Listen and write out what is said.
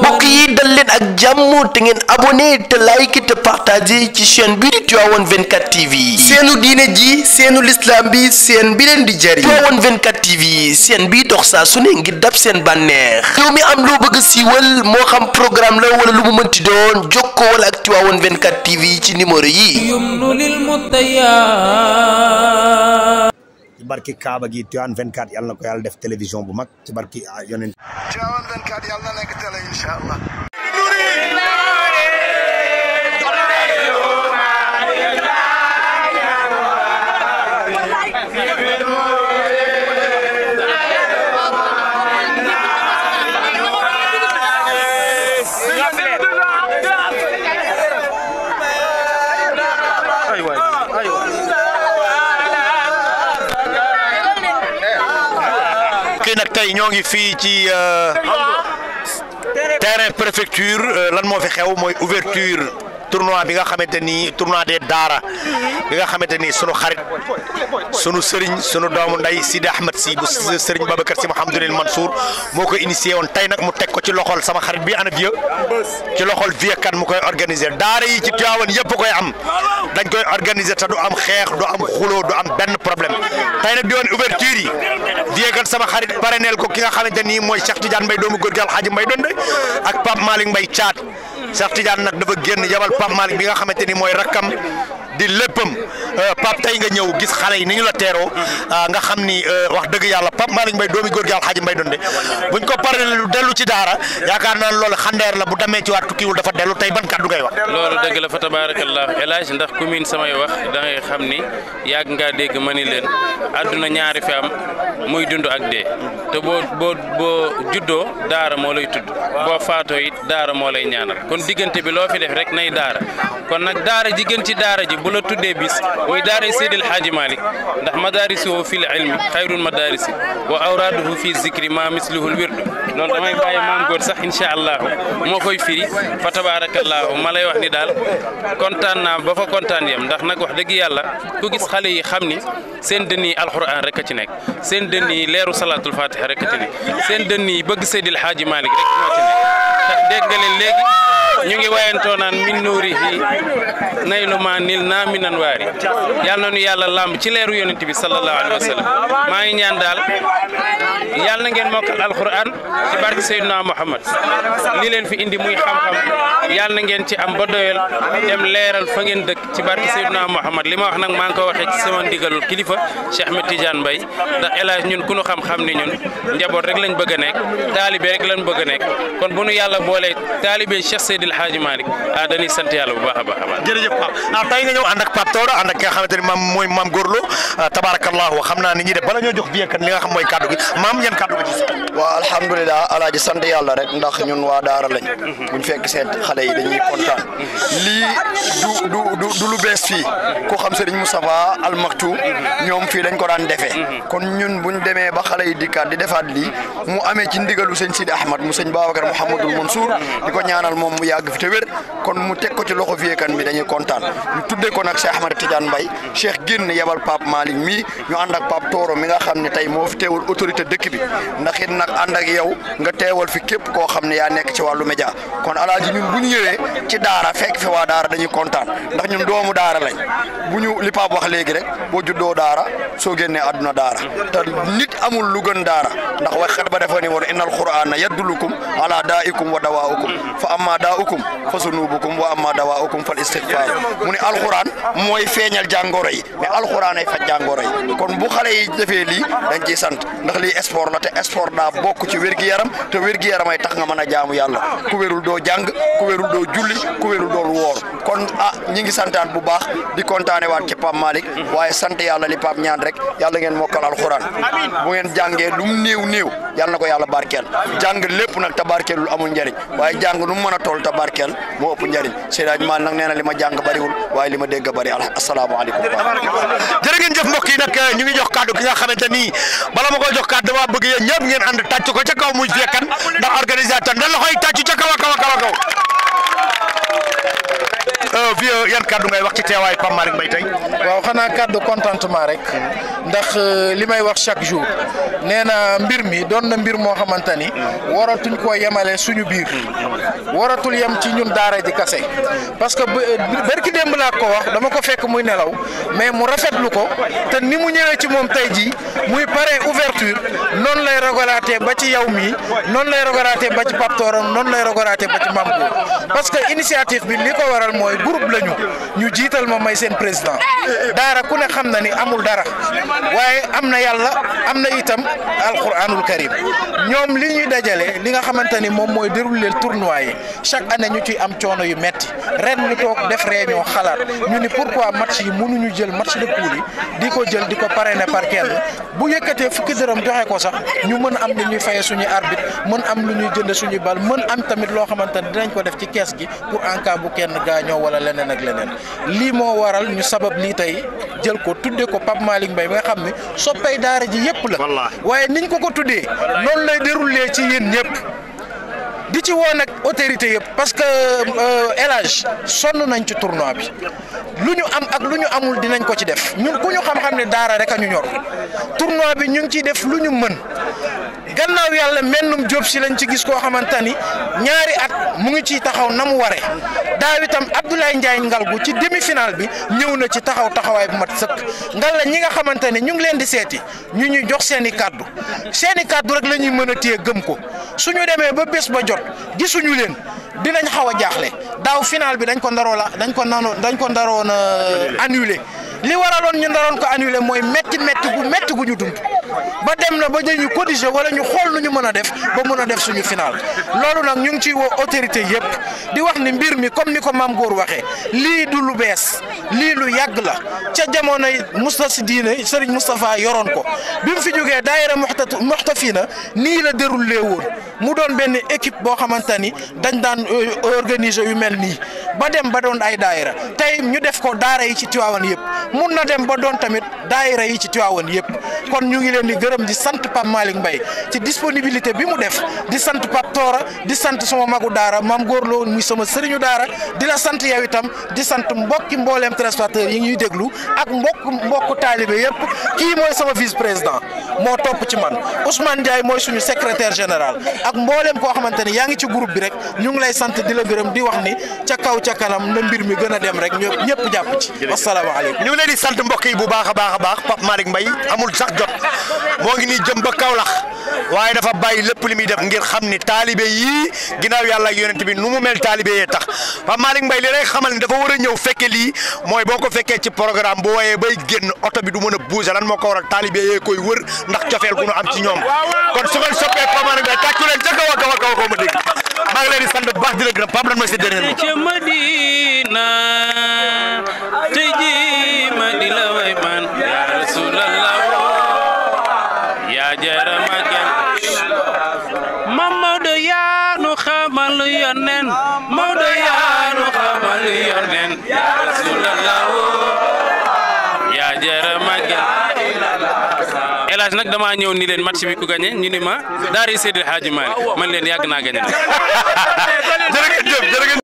mbokk yi dal leen ak jàmm te ngeen abonné te like te partagé ci chaîne bi di Tivaouane 24 TV seenu diine ji seenu lislaam bi seen bi leen di jëriñ Tivaouane 24 TV seen bi dox saa su ngir dab seen bànneex xew mi am loo bëgg a siiwal moo xam programme la wala lu mu mënti doon jokkoo wala ak Tivaouane 24 TV ci numéro yi barki Kaaba gi Tivaouane 24 yàlla na ko yàlla def télévision bu mag ci barki ah, yonent Tivaouane 24 yàlla na nekk télé incha allah tay ñoo fi ci euh terrain préfecture euh, lan mo fi xew moy ouverture tournoi bi nga xamante ni tournoi des daara bi nga xamante ni sunu xarit sunu sëriñ sunu doomu nday Sidi Ahmed si bu sëriñ Babacar si Mouhamadulil Mansour moo ko initié woon tey nag mu teg ko ci loxol sama xarit bi ana vieux ci loxol vieux kan mu koy organiser daara yi ci Tivaouane yëpp koy am dañ koy organiser te du am xeex du am xuloo du am benn problème tey nag di woon ouverture yi vieux kan sama xarit parrainel ko ki nga xamante ni mooy Cheikh Tidiane Mbaye doomu góor gi Alxaaji Mbaye Donde ak Pape Malick Mbaye Thiat Cheikh Tidiane nag dafa génn yabal Pape Malick bi nga xamante ni mooy rakkam di leppam euh, pap tay nga ñew gis xalé ni ñu la téro euh, nga xamni euh, wax deug yalla pap malik mbay doomi góor gi Alxaaji Donde buñ ko paree lu delu ci dara yaakar naa loolu xandeer la bu damé ci waat wu dafa delu tay ban kaddu ngay wax. loolu deug la fa tabarakallah elage Hadj ndax commune samay wax da ngay xamni yaag nga deg dégg ma ni ñaari fi am muy dundu ak de te bo bo boo juddoo daara lay tudd bo faato it dara mo lay ñaanal kon digënté bi lo fi def rek nay dara kon nak dara digënté ci ji bu la tuddee bis way daari seydil xaaji malik ndax madaarisuhu fil ilmi xayrul madaarisi wa awraaduhu fi zikri ma misluhul wirdu loolu damay bàyyi maam góor sax incha allah moo koy firi fa tabaarakallaahu ma lay wax ni daal kontaan naa ba fa kontaan yam ndax nag wax dëgg yàlla ku gis xale yi xam ni seen dënn yi alxuraan rek a ci nekk seen dënn yi leeru salaatul fatiha rek a ci nekk seen dënn yi bëgg seydil xaaji malik rek moo ci nekk dégg nga leen léegi ñu ngi wayantoo naan min nuurihi naylu ma nil naa minan waari yal na nu yàlla làmb ci leeru yonent bi sallallahu alayhi wa maa ngi ñaan daal yal na ngeen mokkal alquran ci barke Seydina Muhammad li leen fi indi muy xam-xam yal na ngeen ci am ba doyal dem leeral fa ngeen dëkk ci barke Seydina Muhammad li ma wax nag maa ngi ko waxee ci sama ndigalul kilifa Cheikh Ahmed Tidiane Mbaye ndax El ñun ku ñu xam-xam ni ñun njaboot rek lañ bëgg nekk taalibe rek bëgg a nekk boole taalibe Cheikh Seydil Hadji Malick ah dañuy sant yàlla bu baax a a baax. jërëjëf Pape ah tey nga ñëw ànd ak Pape Toora ànd ak ki nga xamante ni maam mooy maam Gorlo ah, tabaarakallaahu xam naa ni ñuy def bala ñoo jox biyeekat li nga xam mooy kaddu gi maam yan kaddu gi ci. waaw sant yàlla rek ndax ñun waa daara lañ. Mhm. buñ fekk seen xale yi dañuy kontaan. lii du lu bees fii ku xam Serigne Moustapha Al Maktoum mhm. ñoom fii lañ ko daan defee. Mhm. kon ñun buñ demee ba xale yi dikkaat di defaat lii mu amee ci ndigalu sëñ Sidi Ahmad mu sëñ Babacar Mouhamadul Mansour di ko ñaanal moom mu yàgg fi te wér kon mu teg ko ci loxo Vieux Kane bi dañuy kontaan ñu tuddee ko nag Cheikh Ahmed Tidiane Mbaye Cheikh génn yebal Pape Malick mii ñu ànd ak Pape Toro mi nga xam ne tey moo fi teewal autorité dëkk bi ndax it nag ànd ak yow nga teewal fi képp koo xam ne yaa nekk ci wàllu média kon alaaji ñun bu ñu ñëwee ci daara fekk fi waa daara dañuy kontaan ndax ñun doomu daara lañ bu ñu li Pape wax léegi rek boo juddoo daara soo génnee àdduna daara lu gën daara ndax dawaukum fa amma daaukum fa sunubukum wa amma dawaukum fal istighfar mu ne alxuraan mooy feeñal jàngoro yi mais alxuraan ay faj jàngoro yi kon bu xale yi defee lii dañ ciy sant ndax lii sport la te sport daa bokk ci wér yaram te wér-gi-yaram tax nga mën a jaamu yàlla ku wérul doo jàng ku wérul doo julli ku wérul doo woor kon a ah, ñi ngi santaan bu baax di kontaane waat ci Pape Malick waaye sant yàlla li Pape ñaan rek yàlla ngeen mokkal alxuraan bu ngeen jàngee lu ko yàlla barkeel jàng lépp njëriñ waaye jàng nu mu mën a toll te barkeel moo ëpp njëriñ Seydou Adjma nag nee na li ma jàng bariwul waaye li ma dégg bari asalaamaaleykum. jërë ngeen jëf mbokk yi nag eh, ñu ngi jox kàddu ki nga xamante ni bala ma koy jox kàddu dama bëgg yéen ñëpp ngeen ànd tàcc ko ca kaw muy fekkan ndax organisateur ndax loxoy tàcc ca kaw a kaw a kaw a kaw. vieux yan kaddu ngay wax ci teewaayu Pape Malick Mbaye tey. waaw xanaa kaddu contentement rek ndax euh, li may wax chaque jour nee na mbir mi doon na mbir moo xamante ni waratuñ koo yemale suñu biir waratul yem ci ñun daara ji kase parce que euh, barki démb laa ko wax dama ko fekk muy nelaw mais mu rafetlu ko te ni mu ñëwee ci moom tey ji muy pare ouverture noonu lay rogalaatee ba ci yow mii noonu lay rogalaatee ba ci Pape noonu lay rogalaatee ba ci Mame parce yëpp la ñu ñu jiital ma may seen président daara ku ne xam na ni amul dara waaye am na yàlla am na itam alquranul karim ñoom li ñuy dajale li nga xamante ni moom mooy déroulé tournoi yi chaque année ñu ciy am coono yu metti ren ñu toog def réunion xalaat ñu ni pourquoi match yi mënuñu jël match de poule yi di ko jël di ko parrainer par kenn bu yëkkatee fukki dërëm joxe ko sax ñu mën am lu ñuy faye suñu arbitre mën am lu ñuy jënd suñuy bal mën am tamit loo xamante ne dinañ ko def ci kees gi pour en bu kenn gaañoo wala leneen ak leneen lii moo waral ñu sabab lii tey jël ko tuddee ko Pape Malick Mbaye bi nga xam ne soppay daara ji yëpp la waaye niñ ko ko tuddee noonu lay déroulé ci yéen ñëpp di ci woo nag autorité yëpp parce que élage euh, sonn nañ ci tournoi bi lu ñu am ak lu ñu amul dinañ ko ci def ñun ku ñu xam-xam ne daara rek a ñu ñor tournoi bi ñu ngi ciy def lu ñu mën gannaaw yàlla mennum job si lañ ci gis koo xamante ni ñaari at mu ngi ciy taxaw na mu waree daaw itam Abdoulaye Ndiaye ngalgu ci demi-finale bi ñëw na ci taxaw taxawaay bu mat sëkk ngal la ñi nga xamante ne ñu ngi leen di seeti ñu ñuy jox seeni kàddu seeni i kàddu rek la ñuy mën a téye gëm ko suñu demee ba bés ba jot gisuñu leen dinañ xaw a jaaxle daaw final bi dañ ko daro la dañ ko nano dañ ko ndaroon annulé li waraloon ñu ndaroon ko annulé mooy métti métti gu métti gu ñu dund ba dem na ba dañuy cotiser wala ñu xool nu ñu mën a def ba mun a def suñu finaal loolu nag ñu ngi ciy woo autorité yëpp di wax ni mbir mi comme ni ko maam góor waxee lii du lu bees lii lu yàgg la ca jamonoy Moustapha si diine Serigne Moustapha yoroon ko bi mu fi jógee daayira na nii la déroulé woon mu doon benn équipe boo xamante ni dañ daan euh, organiser yu mel nii ba dem ba doon ay daayira tey ñu def ko daara yi ci Tiwaawan yëpp mun na dem ba doon tamit daayira yi ci Tiwaawan yëpp leen di gërëm di sant Pape Malick Mbaye ci disponibilité bi mu def di sant Pape Toora di sant suma magu daara góor góorloo muy sama sëriñu daara di la sant yow itam di sant mbokki mbooleem transporteur yi ñuy déglu ak mbokk mbokk taalibe yëpp kii mooy sama vice président moo topp ci man Ousmane Ndiaye mooy suñu secrétaire général ak mbooleem koo xamante ni yaa ngi ci group bi rek ñu ngi lay sant di la gërëm di wax ni ca kaw ca kanam na mbir mi gën a dem rek ñëpp jàpp ci asalaamaaleykum mbokk yi bu baax a baax a baax Pape moo ngi nii jëm ba Kaolack waaye dafa bàyyi lépp li muy def ngir xam ni taalibe yii ginnaaw yàlla ak yonent bi nu mu mel taalibe yee tax Pape Malick Mbaye li lay xamal ni dafa war a ñëw fekke lii mooy boo ko fekkee ci programme bu wooyee bay génn oto bi du mën a bouger lan moo ko waral taalibe yee koy wër ndax cofeel gu nu am ci ñoom kon su ngeen soppee Pape Malick Mbaye tàccu leen ca kaw a kaw a ma dégg maa ngi leen di baax di la gërëm sa dernier village nag damaa ñëw ni leen match bi ku gagné ñu ni ma daari Seydil Hadji Malick man leen yàgg naa gagné. jërëjëf